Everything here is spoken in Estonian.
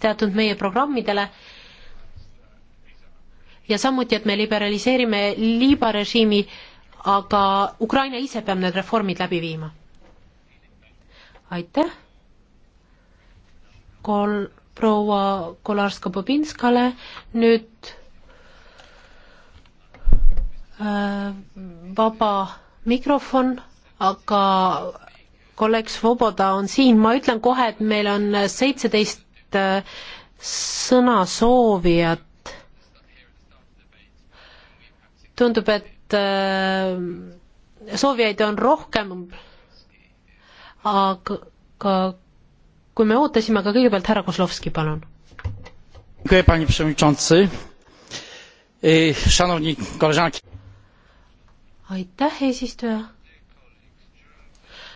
teatud meie programmidele ja samuti, et me liberaliseerime Liiba režiimi, aga Ukraina ise peab need reformid läbi viima. aitäh Kol-, proua Kolarska-Bobinskale, nüüd äh, vaba mikrofon, aga kolleeg Svoboda on siin, ma ütlen kohe, et meil on seitseteist et äh, sõnasoovijad tundub, et äh, soovijaid on rohkem, aga kui me ootasime, aga kõigepealt härra Kozlovski, palun. E, aitäh, eesistuja